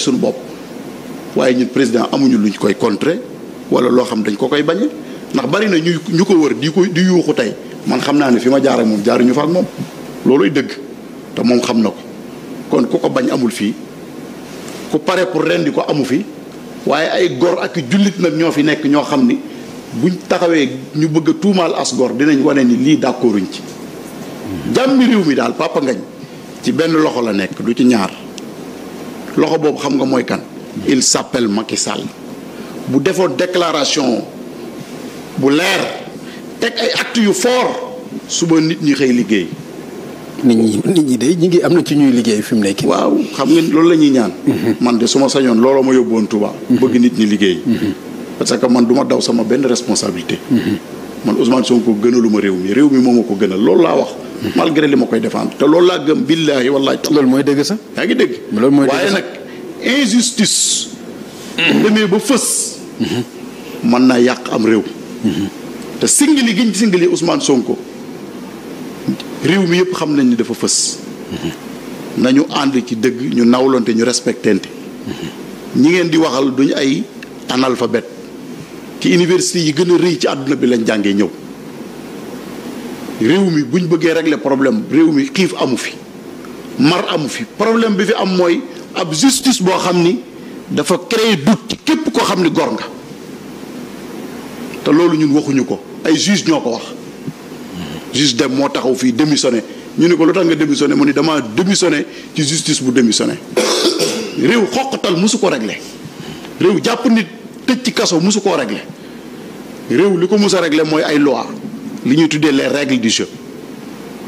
suñu bopp waaye ñu président amuñu luñ koy contrer wala loo xam dañ ko koy bañe ndax bari na ñu ñu ko wër di ko di yuuxu tey man xam naa ne fi ma jaar ak moom jaaruñu fa ak moom looluy dëgg te moom xam na ko kon ku ko bañ amul fii ku pare pour rendi ko amu fi waaye ay gor ak jullit nag ñoo fi nekk ñoo xam ni buñ taxawee ñu bëgg tuumaal as gor dinañ wane ni lii d'accorduñ ci jàmmi réew mi daal Papa ngañ ci benn loxo la nekk lu ci ñaar loxo boobu xam nga mooy kan il s'appelle ki Sall bu defoon déclaration bu leer teg ay actes yu su ba nit ñi xëy liggéey. nit ñi nit ñi de ñu ngi am na ci ñuy liggéey fi mu nekk. waaw xam nga loolu la ñuy ñaan. Mhm. man de su ma sañoon looloo ma yóbbuwoon Touba. Mhm. bëgg nit ñi liggéey. Mhm. parce que man du ma daw sama benn responsabilité. man Ousmane Sonko gënaluma réew mi réew mi moom ma ko gënal loolu laa wax. malgré li ma koy defaan te loolu laa gëm billaahi wallaahi taala loolu mooy dëgg sax yaa ngi dëgg waaye nag injustice demee ba fës mën naa yàq am réew te singili giñ singili Ousmane Sonko réew mi yëpp xam nañ ni dafa fës nañu ànd ci dëgg ñu nawlonte ñu respectente ñi ngeen di waxal duñu ay analphabète ci université yi gën a rëy ci àdduna bi lañ jàngee ñëw réew mi bu ñu bëggee régler problème réew mi xiif amu fi mar amu fi problème bi fi am mooy ab justice boo xam ni dafa créer doute ci képp koo xam ni gor nga te loolu ñun waxuñu ko ay juge ñoo ko wax juge dem moo taxaw fii démissionné ñu ne ko lu tax nga démissionné mu ni dama démissionné ci justice bu démissionné réew xoqatal mosu ko réglé réew jàpp nit tëj ci kaso mosu koo réglé réew li ko mos a réglé mooy ay loi li ñuy tuddee les règles du jeu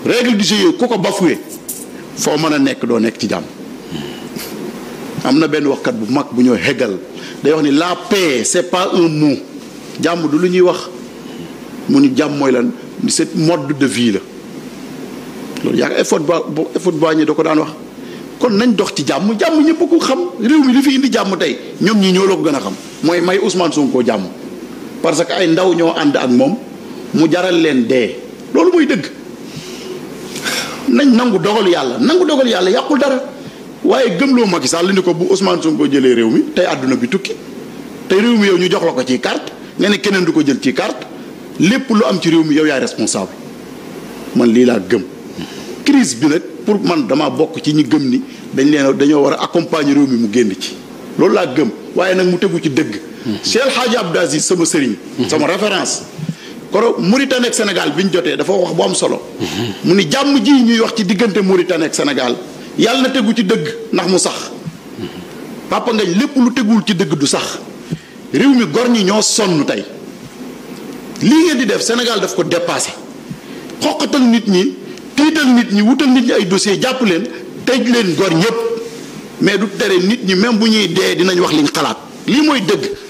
règles du jeu yooyu ku ko bafoué foo mën a nekk doo nekk ci jàmm am na benn waxkat bu mag bu ñoo Hegel day wax ni la paix c'est pas un mot jàmm du lu ñuy wax mu ni jàmm mooy lan c'est mode de vie la loolu yaa effort ba effort ba ñi da ko daan wax kon nañ dox ci jàmm jàmm ñëpp ko xam réew mi lu fi indi jàmm tey ñoom ñi ñoo la ko gën a xam mooy may Ousmane Sonko jàmm parce que ay ndaw ñoo ànd ak moom mu jaral leen dee loolu mooy dëgg nañ nangu dogal yàlla nangu dogal yàlla yàqul dara waaye gëmloo Macky Sall ni ko bu Ousmane Sonko jëlee réew mi tey àdduna bi tukki tey réew mi yow ñu jox la ko ci carte nga ni keneen du ko jël ci carte lépp lu am ci réew mi yow yaay responsable man lii laa gëm. crise bi nag pour man dama bokk ci ñi gëm ni dañ leen dañoo war a accompagner réew mi mu génn ci loolu laa gëm waaye nag mu tegu ci dëgg. Hmm. Cheikh El Hadji Abdou Aziz sama sëriñ. Hmm. sama référence. koro Mauritanie ak senegal bi ñu jotee dafa wax bu am solo. mu ni jàmm ji ñuy wax ci diggante Mauritanie ak senegal yàlla na tegu ci dëgg ndax mu sax. papa ngañ lépp lu tegul ci dëgg du sax réew mi gor ñi ñoo sonn tey lii ngeen di def senegal daf ko dépassé xoqatal nit ñi tiital nit ñi wutal nit ñi ay dossier jàpp leen tëj leen gor ñëpp mais du tere nit ñi même bu ñuy dee dinañ wax liñ xalaat lii mooy dëgg.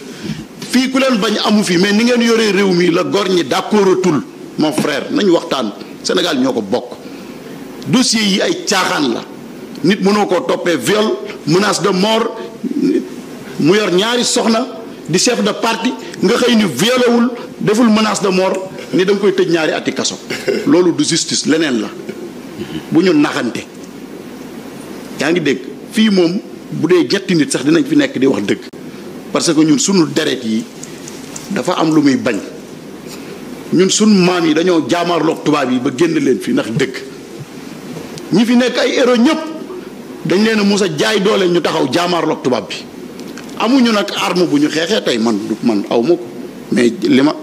fii ku leen bañ amu fi mais ni ngeen yoree réew mi la góor ñi d'accordatul mon frère nañ waxtaan Sénégal ñoo ko bokk dossier yi ay caaxaan la nit mënoo koo toppee viol menace de mort mu yor ñaari soxna di chef de parti nga xëy ni violewul deful menace de mort ni da koy tëj ñaari ati kaso loolu du justice leneen la bu ñu naxante yaa ngi dégg fii moom bu dee ñetti nit sax dinañ fi nekk di wax dëgg parce que ñun sunu deret yi dafa am lu muy bañ ñun sunu maam yi dañoo jaamaarloog tubaab yi ba génn leen fii ndax dëkk ñi fi nekk ay héros ñëpp dañ leen a mus a jaay doole ñu taxaw jaamaarloog tubaab bi amuñu nag arme bu ñu xeexee tey man man aw ma ko mais li ma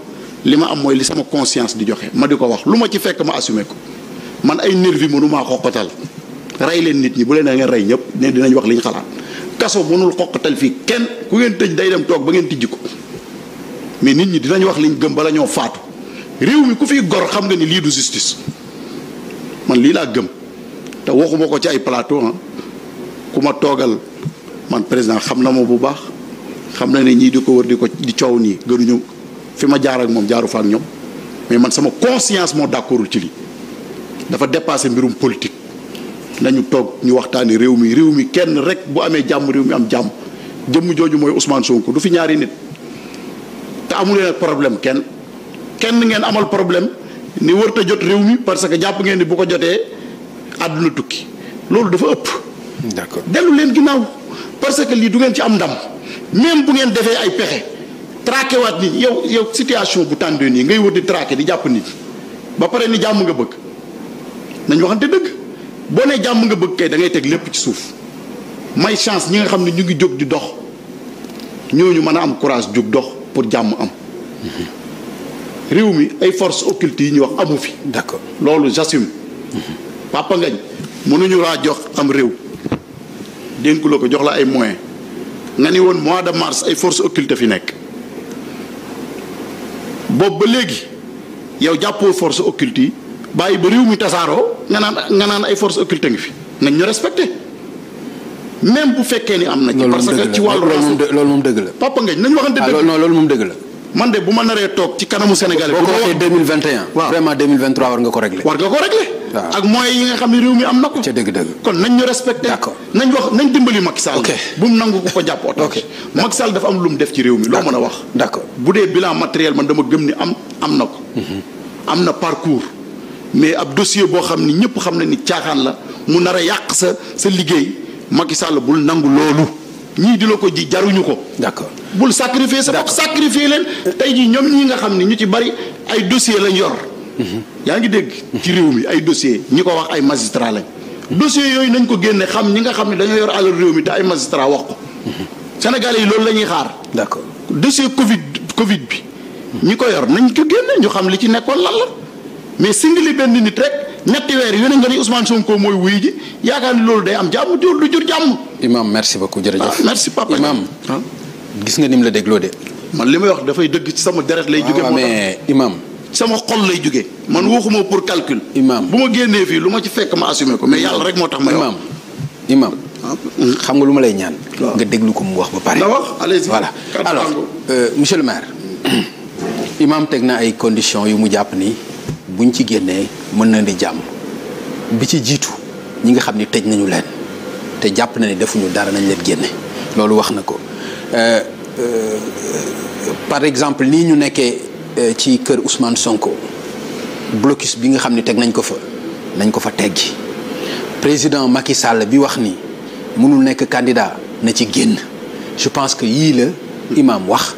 li ma am mooy li sama conscience di joxe ma di ko wax lu ma ci fekk ma assumé ko man ay nervi mënumaa xoqatal rey leen nit ñi bu leen da ngeen rey ñëpp ne dinañ wax li xalaat kaso mënul xoqatal fii kenn ku ngeen tëj day dem toog ba ngeen tijji ko mais nit ñi dinañ wax liñ gëm bala ñoo faatu réew mi ku fi gor xam nga ni lii du justice man lii laa gëm te waxuma ko ci ay plateau ah. ku ma toogal man président xam na ma bu baax xam na ne ñii di ko wër di ko di coow nii gënuñu fi ma jaar ak moom jaaru fa ñoom mais man sama conscience moo d'accordul ci lii dafa dépassé mbirum politique. nañu toog ñu waxtaani réew mi réew mi kenn rek bu amee jàmm réew mi am jàmm jëmm jooju mooy Ousmane ko du fi ñaari nit te amu leen ak problème kenn kenn ngeen amal problème ni wër ta jot réew mi parce que jàpp ngeen ni bu ko jotee àdduna tukki loolu dafa ëpp. d'accord dellu leen ginnaaw parce que lii du ngeen ci am ndam même bu ngeen defee ay pexe traqué waat nit yow yow situation bu tàndee nii ngay wër di traqué di jàpp nii ba pare ni jàmm nga bëgg nañ waxante dëgg. boo nee jàmm nga bëgg kay da teg lépp ci suuf may chance ñi nga xam ne ñu ngi jóg di dox ñoo ñu mën a am courage jóg dox pour jàmm am. réew mi ay forces occultes yi ñuy wax amu fi. d'accord loolu j'assume. papa ngañ mënuñu laa jox am réew. dénk ko jox la ay moyen nga ni woon mois de mars ay forces occultes fi nekk boobu ba léegi yow jàppoo force occultes yi. bàyyi ba réew mi tasaaroo nga naan nga naan ay force occulte ngi fi nañ ñu respecté même bu fekkee ni am na. ci parce que ci wàllu race loolu moom dëgg la papa nañ waxante ah, dëgg. non loolu moom dëgg man de bu ma naree toog ci kanamu Sénégal. boo ko waxee 2021. waaw vraiment 2023 war nga ko régler. waaw ak moyens yi nga xam ne réew mi am na ko. ca dëgg-dëgg. kon nañ ñu respecté. d'accord nañ wax nañ dimbali Macky bu mu nangu ko ko jàpp oto. ok Macky am lu mu def ci réew mi loo mën a wax. d'accord bu dee bilan matériel man dama gëm ni am am na ko. Mhm. am na parcours. mais ab dossier boo xam ni ñëpp xam na ni caaxaan la mu nar a yàq sa sa liggéey Macky Sall bul nangu loolu ñii di la ko ji jaruñu ko. d'accord bul sacrifier sa bopp sacrifier leen. tey jii ñoom ñii nga xam ni ñu ci bari ay dossier lañ yor. Mhm. yaa ngi dégg. Mhm. ci réew mi ay dossier ñi ko wax ay magistrat lañ. dossier yooyu nañ ko génne xam ñi nga xam ne dañoo yor alal réew mi te ay magistrat wax ko. Mhm. Sénégalais yi loolu la ñuy xaar. d'accord dossier Covid Covid bi. ñi ko yor nañ ko génne ñu xam li ci nekkoon lan la. mais singli benn nit rek ñetti weer yu ne nga ni Ousmane Sonko mooy wuy ji yaakaar ni loolu day am jàmm du jur jàmm. Imaam merci beaucoup jërëjëf. Ah, merci papa Imaam ah. gis nga ni mu la dégloo de. man li may wax dafay dëgg ci sama deret lay jóge moo mais Imaam. sama xol lay jóge man waxuma pour calcul. Imaam bu ma génnee fii lu ma ci fekk ma assumé ko mais yàlla rek moo tax. ma Imaam Imaam. Ah. xam nga lu ma lay ñaan. nga déglu ko mu wax ba pare. na wax allez voilà alors euh, monsieur le maire. Imaam teg na ay conditions yu mu jàpp nii. bu buñ ci génnee mën na di jàmm bi ci jiitu ñi nga xam ni tëj nañu leen te jàpp na ni defuñu dara nañ leen génne loolu wax na ko euh, euh, par exemple nii ñu nekkee euh, ci kër Ousmane Sonko blocus bi nga xam ni teg nañ ko fa nañ ko fa teggi président Macky Sall bi wax ni mënul nekk kandidaa na ci génn je pense que yii la imam wax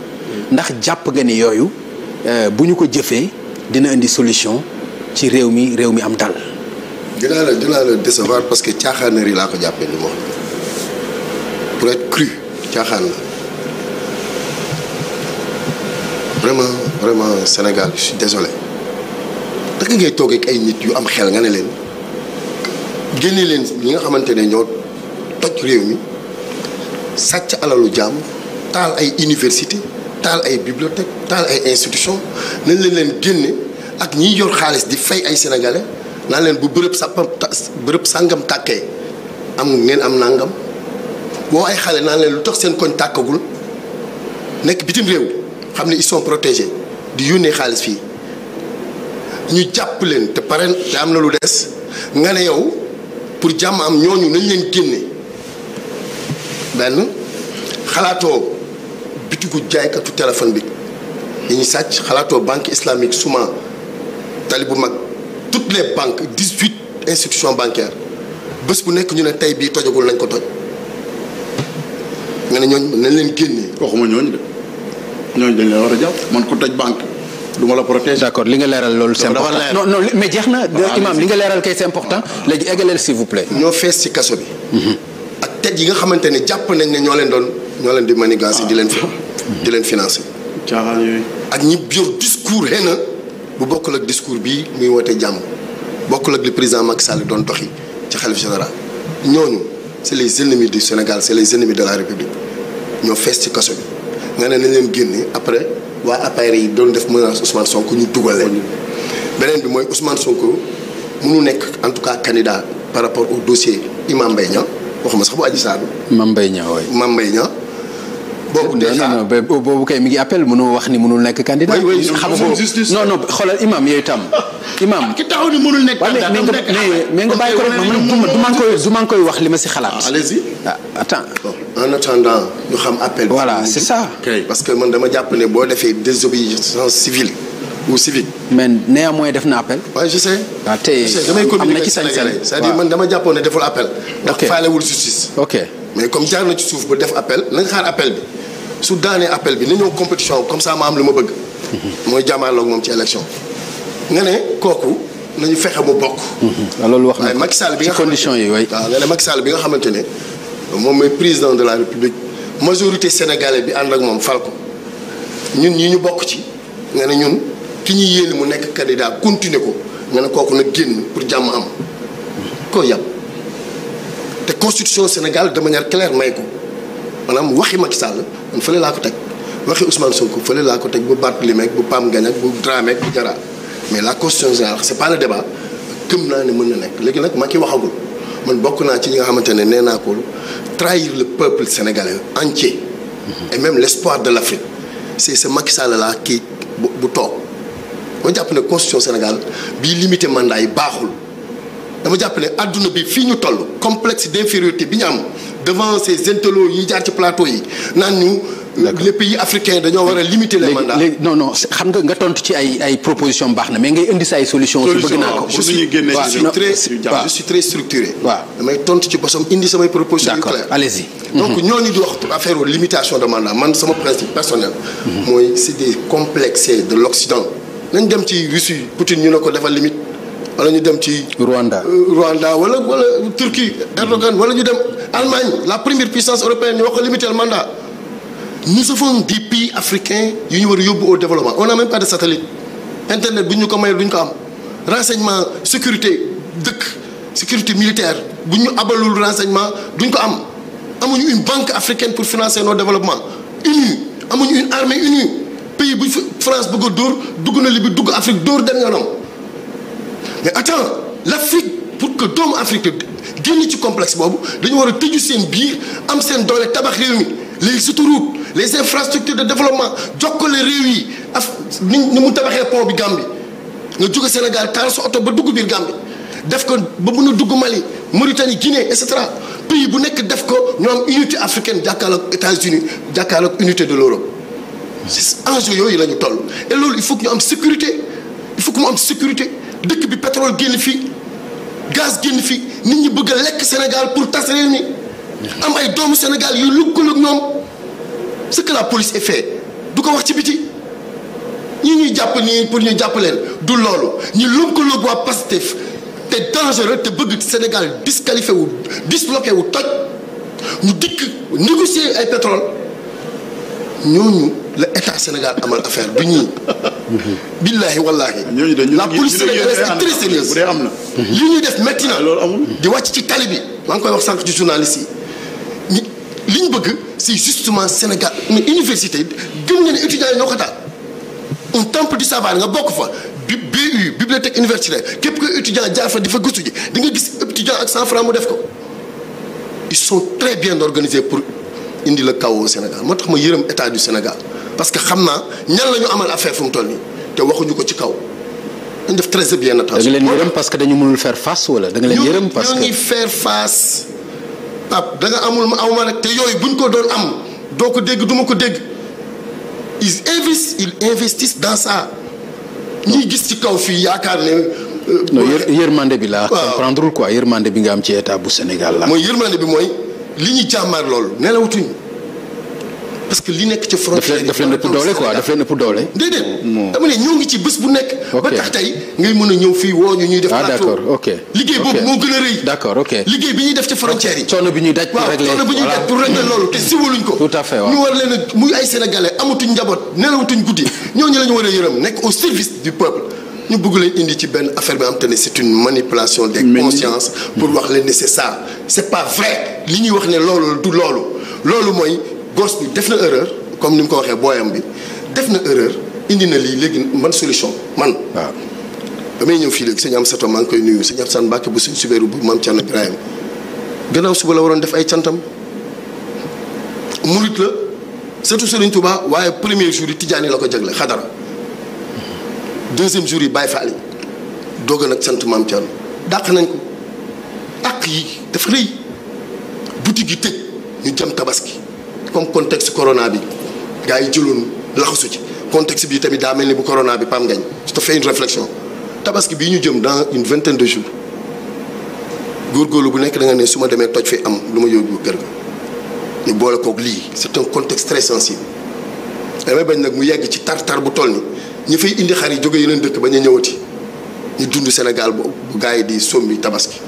ndax jàpp nga ni yooyu bu ñu ko jëfee dina indi solution ci réew mi réew mi am dal. dinaa la dinaa la décevoir parce que caaxaanar yi laa ko jàppee li ma wax pour être cru vraiment vraiment Sénégal je suis désolé naka ngay toog ay nit yu am xel nga ne leen génne leen ñi nga xamante ne ñoo toj réew mi sàcc alalu jàmm taal ay université taal ay bibliothèque taal ay institution nañ leen leen génne. ak ñiy yor xaalis di fay ay sénégalais naan leen bu bërëb sàppam bërëb sàngam tàkkee am ngeen am nangam woo ay xale naan leen lu tax seen koñ tàkkagul nekk bitim réew xam ne ils protégé di yónnee xaalis fii ñu jàpp leen te pare te am na lu des nga ne yow pour jàmm am ñooñu nañ leen génne benn xalaatoo bitigu jaaykatu téléphone bi yi sàcc xalaatoo banque islamique souvent tali bu mag toutes les banques dix huit institutions bancaires bés bu nekk ñu ne tey bii tojagul nañ ko toj nga ne ñooñu nañ leen génnee. waxuma ñooñu de ñooñu dañ leen war a jàpp man ku toj banque. du ma la protéger. d'accord li nga leeral loolu. c'est important non non mais jeex na. imam li nga leeral kay c'est important. Ah, ah. léegi eggaleel s'il ñoo fees ci kaso bi. Mhm. ak nga xamante ne jàpp nañ ne ñoo leen doon ñoo di manigancé ah. di leen. di leen financé. ak ñi yor discours xëy na bu bokkul ak discours bii muy woote jàmm bokkul ak li président Macky Sall doon doxi ci xalif général ñooñu c'est les ennemis du Sénégal c'est les ennemis de la République ñoo fees ci kaso bi nga ne nañ leen génne après waa appareil yi doon def menace Ousmane Sonko ñu dugale beneen bi mooy Ousmane Sonko mënu nekk en tout cas candidat par rapport au dossier Imam Mbaye Niang waxuma sax bu Adji Sarr Mame Mbaye Niang waay Mame Mbaye boobu déjà non non boobu kay mi wax ni mënul nekk candidat. oui xam nga non non xoolal imam yooyu tam. imam ki nga bàyyi ko rek man du ma koy wax li ma si xalaat. Ah, allez-y ah attends. xam appel. voilà c'est ça. parce que man dama jàpp ne boo defee désobéissance civile. ou civique. mais néanmoins def na appel. waaw je sais. Ah, waaw dama jàppoon ne deful appel. ndax faalewul justice. ok mais comme jaar na ci suuf ba def appel nañ xaar appel bi. su daanee appel bi na ñëw compétition comme ça ma am lu ma bëgg. mooy jàmmaarloog moom ci élection. nga ne kooku nañu fexe mu bokk. Ah, loolu wax na Macky Sall bi nga condition yi waaye. waaw nga ne Macky Sall bi nga xamante ne moom mooy président de la république majorité sénégalais bi ànd ak moom fal ñun ñi ñu bokk ci nga ne ñun ki ñuy yéene mu nekk candidat continuer ko nga ne kooku nag génn pour jàmm am. koo yàpp te constitution Sénégal de manière claire may ko. maanaam waxi Macky Sall man fële laa ko teg waxi Ousmane Sonko fële laa ko teg bu Barthélémy bu Pam Gagne bu Dramé bu Diarra mais la constitution générale c'est pas le débat gëm naa ne mën na nekk léegi nag Macky waxagul man bokk naa ci ñi nga xamante ne nee naa ko le peuple sénégalais entier et même l'espoir de l'Afrique si ce Macky Sall laa kii bu bu toog ma jàpp ne constitution Sénégal bii limité mandat yi baaxul dama jàpp ne adduna bi fii ñu toll complexe d'infériorité bi ñu am devant ces intellos yi jaar ci plateau yi naan ñu. les pays africains dañoo war a limiter les mandats. léegi non non xam nga nga tontu ci ay ay proposition baax na mais ngay indi sa ay solution su bëgg naa ko je suis je suis très structuré. waaw damay tontu ci bosam indi samay proposition yu claire allez-y. donc mhm. ñooñu di wax affaire wu limitation de mandat man sama principe personnel. Mhm. mooy c'est des complexes de l'Occident. nañ dem ci Russie Poutine ñu ne ko defal limite wala ñu dem ci. Rwanda euh, Rwanda wala wala Turquie Erdogan wala ñu dem. Allemagne la première puissance européenne ñu wax ko limiter le mandat nous avons des pays africain yu ñu war yóbbu au développement on n'a même pas de satellite internet bu ñu ko mayee du ko am renseignement sécurité dëkk sécurité militaire bu ñu abalul renseignement duñ ko am amuñu une banque africaine pour financer no développement unie amuñu une armée unie pays bu France bëgg dóor dugg na Libye dugg Afrique dóor dem yoonam mais attends l'Afrique pour que doomu Afrique génn ci complexe boobu dañu war a tëju seen biir am seen doole tabax réew mi les autoroutes les infrastructures de développement jokkale réew yi af ni ni mu tabaxee pont bi Gambie nga jóge Sénégal taal sa oto ba dugg biir Gambie def ko ba mun a dugg Mali Mauritanie Guinée et cetera pays bu nekk def ko ñu am unité africaine jàkkaarloog États-Unis jàkkaarloog unité de l'Europe enjeu yooyu la ñu toll loolu il faut que ñu am sécurité il faut que mu am sécurité dëkk bi pétrole génn gaz génn nit ñi bëgg a lekk Sénégal pour tas réew mi am ay doomu Sénégal yu lëkkaloog ñoom ce que la police effet fait du ko wax ci biti ñi ñuy jàpp nii pour ñu jàppaleel du loolu ñu lëkkaloog waa Pastef te dangereux te bëgg Sénégal disqualifié wu disloqué wu toj ñu dikk négocier ay pétrole ñooñu. la état Sénégal amal affaire du ñii. billaahi wallaahi. la police sénégalaise est très sérieuse. li ñuy def métti na. di wàcc ci tali bi. maa ngi koy wax sànq ci journaliste yi ñu li ñu bëgg c'est justement Sénégal université gëm nga ne étudiants yi ñoo ko taal. un temple du savoir nga bokk fa bibliothèque universitaire képp kuy étudiant jaar fa di fa ji di nga gis étudiant ak 100 francs mu def ko. ils sont très bien organisés pour indi la chaos Sénégal moo tax ma yërëm état du Sénégal. parce que xam naa ñan la ñu amal affaire fu toll nii te waxuñu ko ci kaw. dañ def très bien attention. da nga leen yërëm parce que dañu mënul fair face wala da nga leen yërëm. parce que ñoo ngi faire face. Pape da nga amul ma aw ma rek te yooyu buñ ko doon am doo ko dégg duma ko dégg ils investissent ils investissent gis ci kaw fii yaakaar ne. Euh, non yërmande bi laa. waaw comprendrewul quoi yërmande bi nga am ci état bu Sénégal la mooy yërmande bi mooy li ñuy jàmmaar loolu nelawutuñu. parce que li nekk ci frontière daf leen ëpp doole quoi daf leen ëpp doole. déedéet dama ne ñoo ngi ci bés bu nekk. ba tax tey ngay mën a ñëw fii woo ñu ñuy def. Ah, plateau ah d'accord ok. liggéey boobu moo gën a rëy. d'accord ok liggéey bi ñuy def ci frontière yi. coono bi ñuy daj pour régler coono bi ñuy daj pour régler loolu te siwaluñ ko. ñu war leen a muy ay sénégalais amatuñ njaboot nelawutuñ guddi ñooñu la ñu war a yërëm nekk au service du peuple. ñu bëgg leen indi te ne c'est une manipulation des li ñuy wax ne loolu du loolu loolu mooy gosse bi def na erreur comme ni mu ko waxee booyam bi def na erreur indi na lii léegi man solution man. waaw damay ñëw fii léegi sëñ Amsatou maa ngi koy nuyu sëñ Amsatou Mbacke bu sëñ Soubérou bu maam Thierno Ibrahima gannaaw suba la waroon def ay santam murit la surtout Serigne Touba waaye premier jour yi Tidjani la ko jagle xadara deuxième jour yi Baye Fall yi doog nag sant maam Thierno dàq nañ ko dàq yi dafa rëy boutique yi tëj ñu jëm tabaski. comme contexte corona bi gaa yi jëloon laxasu ci contexte bi tamit daa mel ni bu corona bi pam ngañ je te fais une réflexion tabaski bii ñu jëm dans une vingtaine de jours góorgóorlu bu nekk da ne su ma demee toj fi am lu ma yóbbu kër ga ñu boole kook lii c'est un contexte très sensible damay bañ nag mu yegg ci tar-tar bu toll ni ñi fay indi xar yi jóge yeneen dëkk ba ñu ñëwati ñu dund Sénégal bu gars yi di sombi tabaski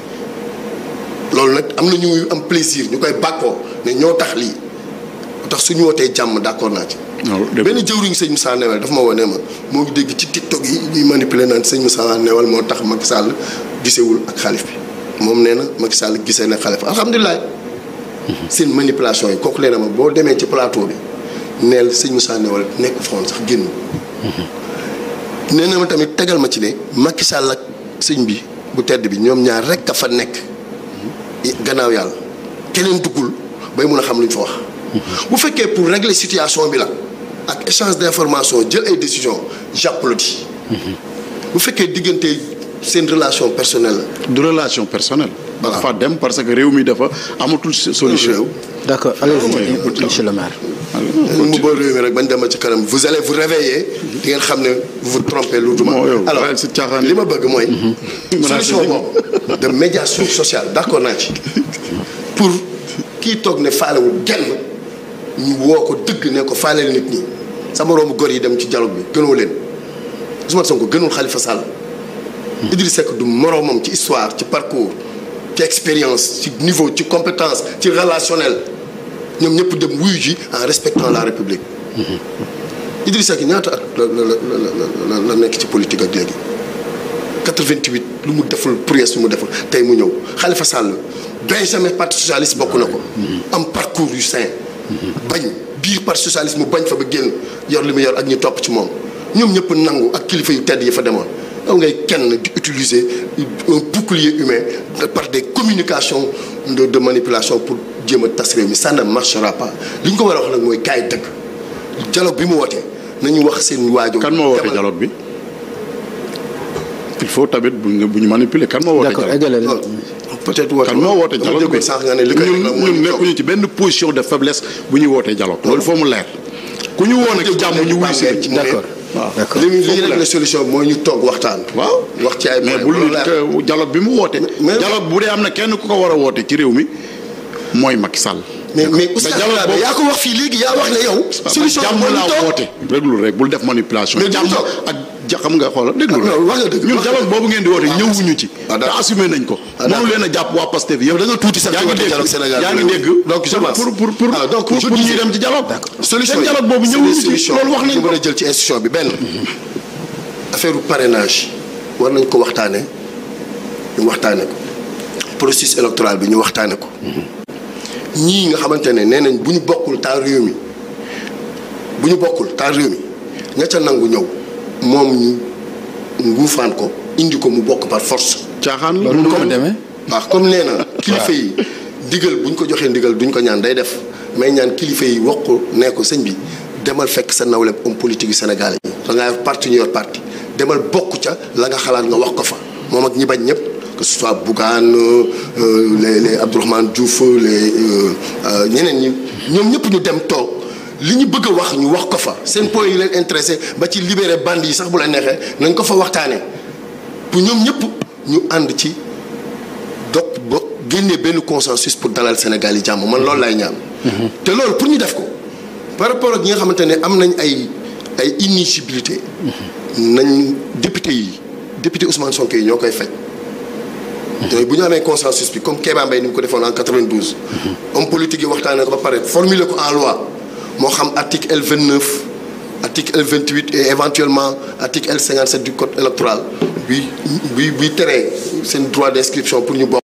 loolu nag am na ñu am plaisir ñu koy bàkkoo ne ñoo tax lii tax suñu wootee jàmm d'accord naa ci. Ah, benn jëwriñ sëñ Moussa Newel dafa ma woo ne ma moo ngi dégg ci TikTok yi ñuy manipuler naan sëñ Moussa Newel moo tax Macky Sall gisewul ak xalif bi moom nee na Macky Sall gisee na xalif alhamdulilah. seen manipulation yi kooku nee na ma boo demee ci plateau bi neel sëñ Moussa Newel nekk foon sax génn. na ma tamit tegal ma ci ne Macky Sall ak sëñ bi bu tedd bi ñoom ñaar rek a fa nekk. gannaaw yàlla keneen duggul bay mun a xam luñ ñu fa wax. bu fekkee pour régler situation bi la ak échange d'information jël ay décision j'applaudis bu fekkee diggante seen relation personnelle la. du relation personnelle. voilà dafa dem parce que réew mi dafa amatul solution. d'accord ah, allez-y monsieur le bañ demee ci kanam vous allez vous réveiller. xam ne vous vous trompez lourdement. alors li ma bëgg mooy. Mhm. solution boobu de médiation sociale d'accord naa ci. pour kii toog ne faalewul kenn. ñu woo ko dëgg ne ko faaleel nit ñi sama roomu gor yi dem ci dialogue bi gënoo leen Ousmane ko gënul xalifa Sall. Hmm. Idrissa Seck du moroomam ci histoire ci parcours ci expérience ci niveau ci compétence ci relationnel ñoom ñëpp dem wuyu ji en respectant la République. Hmm. Idrissa Seck ñaata at la la la la la nekk ci politique ak léegi 88 lu mu deful prouesse su mu deful tey mu ñëw xalifa Sall benn jamais parti socialiste bokk na ko. Hmm. am parcours yu sain. bañ biir parti socialiste mu bañ fa ba génn yor li yor ak ñu topp ci moom ñoom ñëpp nangu ak kilifa yu tedd yi fa demoon daw ngay kenn di utiliser un bouclier humain par des communication de de manipulation pour jéem a tas réew mi ça ne marchera pas li ñu ko war a wax nag mooy kaay dëgg dialogue bi mu wootee nañu wax seen waajo kan moo wootee dialogue bi il faut tamit bu ñu manipuler kan moo wootee dialogue peut-être woote kan moo woote dialogue ñun ñun nekkuñu ci benn position de faiblesse bu ñuy wootee dialogue ñu toog waxtaan. waaw wax ci ay bi mu woote. dialogue bu dee am na kenn ku ko war a woote ci réew mi mooy Macky Sall. mais mais Oustaz Labe yaa ko wax fii léegi yaa wax ne yow. solution mooy ñu toog jàmm laa woote. réglu rek bul def manipulation. mais ak. ja xam nga xoolal déglu wax nga dëgg ñun dialogue boobu ngeen di woote ah, ñëwuñu ci ah, te assumé nañ ko ah, mënu leen a jàpp waa Pastef yow da nga tuuti sax ci wàllu dialogue Sénégal yaa ngi dégg donc pour pour pour donc pour ñuy dem ci dialogue solution dialogue boobu ñëwuñu ci loolu wax nañ a jël ci institution bi benn affaire parrainage war nañ ko waxtaane ñu waxtaane ko processus électoral bi ñu waxtaane ko ñii nga xamante ne nee nañ bu ñu bokkul taal réew mi bu ñu bokkul taal réew mi ña ca nangu ñëw moom ñu nguufaan ko indi ko mu bokk par force. caaxaan loolu ko demee waaw comme nee na kilifa yi ndigal ñu ko joxee ndigal duñ ko ñaan day def mais ñaan kilifa yi wax ko nee ko sëñ bi demal fekk sa nawle homme politique yu Sénégal yi. da parti ñu yor parti demal bokk ca la nga xalaat nga wax ko fa moom ak ñi bañ ñëpp. que ce soit Bougane euh, les les Abdourahmane Diouf les euh, euh, ñeneen ñi ñoom ñëpp ñu dem toog li ñu bëgg a wax ñu wax ko fa seen point yi leen intéressé ba ci libéré bande yi sax bu la neexee nañ ko fa waxtaanee pour ñoom ñëpp ñu ànd ci dog ba génnee benn consensus pour dalal Sénégal yi jàmm man loolu laay ñaan. te lool pour ñu def ko par rapport ak ñi nga xamante ne am nañ ay ay inéligibilité. nañ député yi député Ousmane Sonko yi ñoo koy faj. te bu ñu amee consensus bi comme Kéba Mbaye ni mu ko defoon en 92. homme politique yi waxtaanee ko ba pare formuler ko en loi. moo xam article L 29 article L 28 et éventuellement article L 57 du code électoral bi bi bi teree seen droit d' inscription pour ñu bokk.